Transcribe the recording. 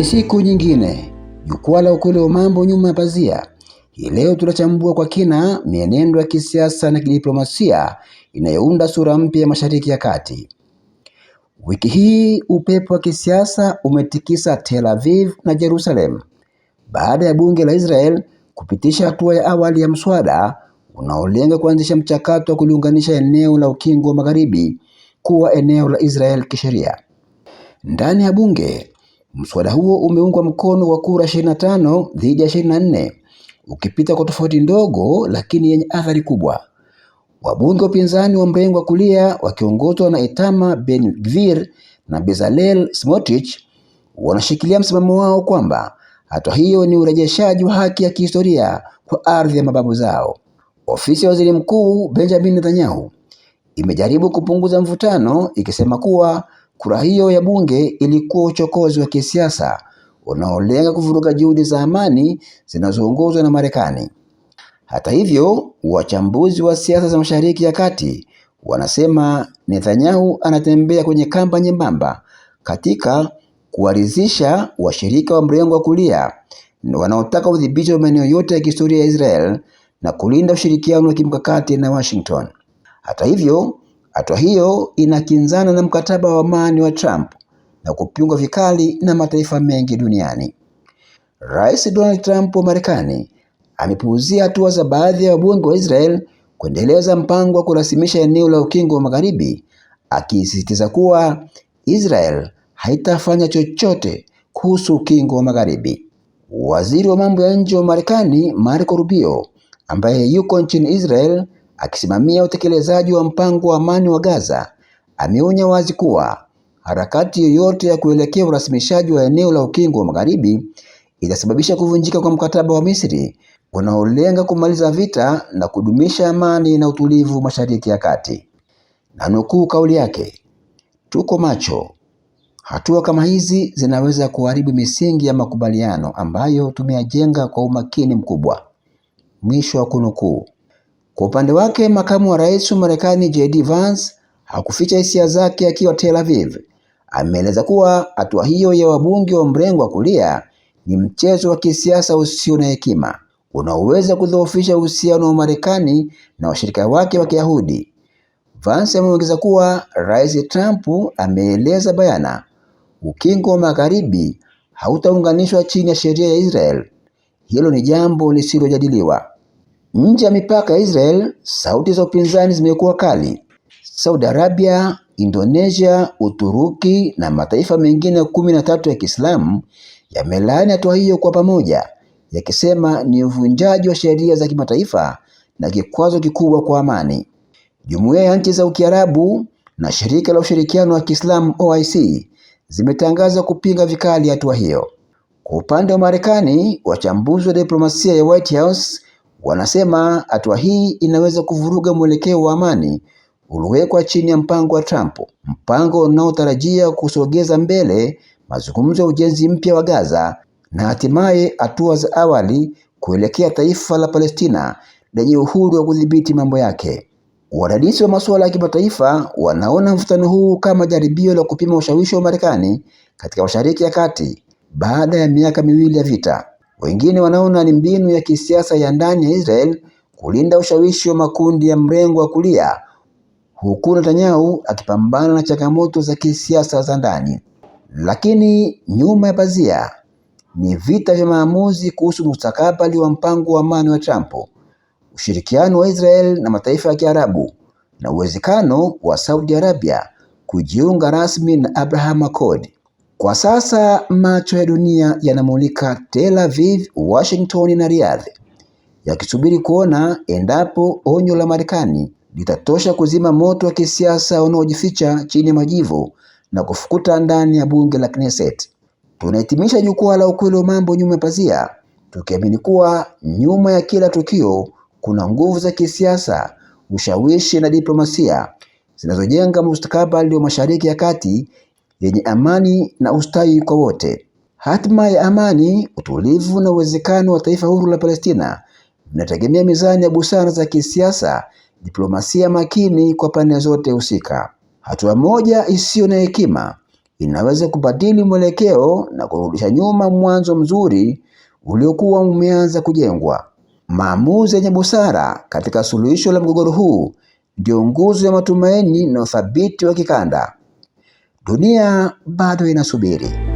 Ni siku nyingine, jukwaa la ukweli wa mambo nyuma ya pazia. Hii leo tunachambua kwa kina mienendo ya kisiasa na kidiplomasia inayounda sura mpya ya Mashariki ya Kati. Wiki hii upepo wa kisiasa umetikisa Tel Aviv na Jerusalem baada ya bunge la Israel kupitisha hatua ya awali ya mswada unaolenga kuanzisha mchakato wa kuliunganisha eneo la Ukingo wa Magharibi kuwa eneo la Israel kisheria. Ndani ya bunge Mswada huo umeungwa mkono wa kura 25 dhidi ya 24, ukipita kwa tofauti ndogo lakini yenye athari kubwa. Wabunge wa upinzani wa mrengo wa kulia wakiongozwa na Itama Ben-Gvir na Bezalel Smotrich wanashikilia msimamo wao kwamba hatua hiyo ni urejeshaji wa haki ya kihistoria kwa ardhi ya mababu zao. Ofisi ya Waziri Mkuu Benjamin Netanyahu imejaribu kupunguza mvutano ikisema kuwa Kura hiyo ya bunge ilikuwa uchokozi wa kisiasa unaolenga kuvuruga juhudi za amani zinazoongozwa na Marekani. Hata hivyo, wachambuzi wa siasa za Mashariki ya Kati wanasema Netanyahu anatembea kwenye kamba nyembamba katika kuwaridhisha washirika wa mrengo wa kulia wanaotaka udhibiti wa maeneo yote ya kihistoria ya Israel na kulinda ushirikiano wa kimkakati na Washington. Hata hivyo, Hatua hiyo inakinzana na mkataba wa amani wa Trump na kupingwa vikali na mataifa mengi duniani. Rais Donald Trump wa Marekani amepuuzia hatua za baadhi ya wabunge wa Israel kuendeleza mpango wa kurasimisha eneo la Ukingo wa Magharibi, akisisitiza kuwa Israel haitafanya chochote kuhusu Ukingo wa Magharibi. Waziri wa mambo ya nje wa Marekani Marco Rubio ambaye yuko nchini Israel akisimamia utekelezaji wa mpango wa amani wa Gaza, ameonya wazi kuwa harakati yoyote ya kuelekea urasimishaji wa eneo la Ukingo wa Magharibi itasababisha kuvunjika kwa mkataba wa Misri unaolenga kumaliza vita na kudumisha amani na utulivu Mashariki ya Kati. Na nukuu kauli yake, tuko macho. Hatua kama hizi zinaweza kuharibu misingi ya makubaliano ambayo tumeyajenga kwa umakini mkubwa. Mwisho wa kunukuu. Kwa upande wake, makamu wa rais wa Marekani JD Vance hakuficha hisia zake akiwa Tel Aviv. Ameeleza kuwa hatua hiyo ya wabunge wa mrengo wa kulia ni mchezo wa kisiasa usio na hekima unaoweza kudhoofisha uhusiano wa Marekani na washirika wake wa Kiyahudi. Vance ameongeza kuwa Rais Trump ameeleza bayana, ukingo wa Magharibi hautaunganishwa chini ya sheria ya Israel. Hilo ni jambo lisilojadiliwa. Nje ya mipaka ya Israel, sauti za upinzani zimekuwa kali. Saudi Arabia, Indonesia, Uturuki na mataifa mengine kumi na tatu ya Kiislamu yamelaani hatua hiyo kwa pamoja, yakisema ni uvunjaji wa sheria za kimataifa na kikwazo kikubwa kwa amani. Jumuiya ya nchi za Ukiarabu na shirika la ushirikiano wa Kiislamu OIC zimetangaza kupinga vikali hatua hiyo. Kwa upande wa Marekani, wachambuzi wa diplomasia ya White House Wanasema hatua hii inaweza kuvuruga mwelekeo wa amani uliowekwa chini ya mpango wa Trump, mpango unaotarajia kusogeza mbele mazungumzo ya ujenzi mpya wa Gaza na hatimaye hatua za awali kuelekea taifa la Palestina lenye uhuru wa kudhibiti mambo yake. Wadadisi wa masuala ya kimataifa wanaona mvutano huu kama jaribio la kupima ushawishi wa Marekani katika Mashariki ya Kati baada ya miaka miwili ya vita. Wengine wanaona ni mbinu ya kisiasa ya ndani ya Israel kulinda ushawishi wa makundi ya mrengo wa kulia, huku Netanyahu akipambana na changamoto za kisiasa za ndani. Lakini nyuma ya pazia ni vita vya maamuzi kuhusu mustakabali wa mpango wa amani wa Trump, ushirikiano wa Israel na mataifa ya Kiarabu na uwezekano wa Saudi Arabia kujiunga rasmi na Abraham Accord. Kwa sasa macho ya dunia yanamulika Tel Aviv, Washington na Riyadh yakisubiri kuona endapo onyo la Marekani litatosha kuzima moto wa kisiasa unaojificha chini ya majivu na kufukuta ndani ya bunge la Knesset. Tunahitimisha jukwaa la ukweli wa mambo nyuma ya pazia, tukiamini kuwa nyuma ya kila tukio kuna nguvu za kisiasa, ushawishi na diplomasia zinazojenga mustakabali wa Mashariki ya Kati yenye amani na ustawi kwa wote. Hatima ya amani, utulivu na uwezekano wa taifa huru la Palestina vinategemea mizani ya busara za kisiasa, diplomasia makini kwa pande zote husika. Hatua moja isiyo na hekima inaweza kubadili mwelekeo na kurudisha nyuma mwanzo mzuri uliokuwa umeanza kujengwa. Maamuzi yenye busara katika suluhisho la mgogoro huu ndio nguzo ya matumaini na uthabiti wa kikanda. Dunia bado inasubiri.